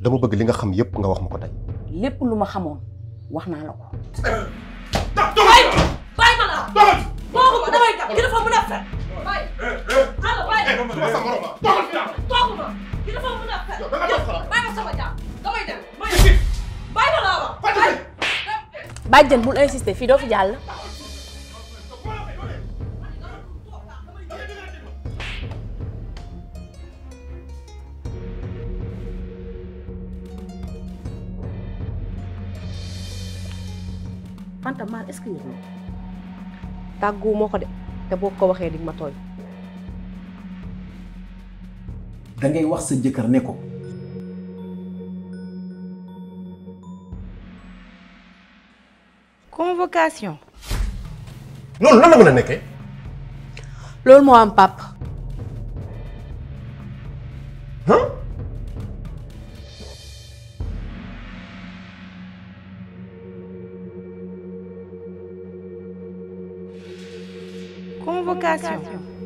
dama bëgg li nga xam yépp nga wax ma ko tey. lépp lu ma xamoon wax naa la ko. dab doxali ma bàyyi ma la. doxali toogu ma damay dab ki dafa mën a fen. bàyyi xaaral bàyyi. Eh, ma sa morom ma toogu ma ki dafa mën a fen. bàyyi ma sama jaam damay dem bàyyi ma la wax. bàjjen bul insister fii doo fi jàll. Fanta Mar est-ce que moo ko de te boo ko waxee di ma tooñ da ngay wax sa jëkkër ne ko convocation loolu lan la mën a nekkee loolu moo am pap Convocação. Convocação.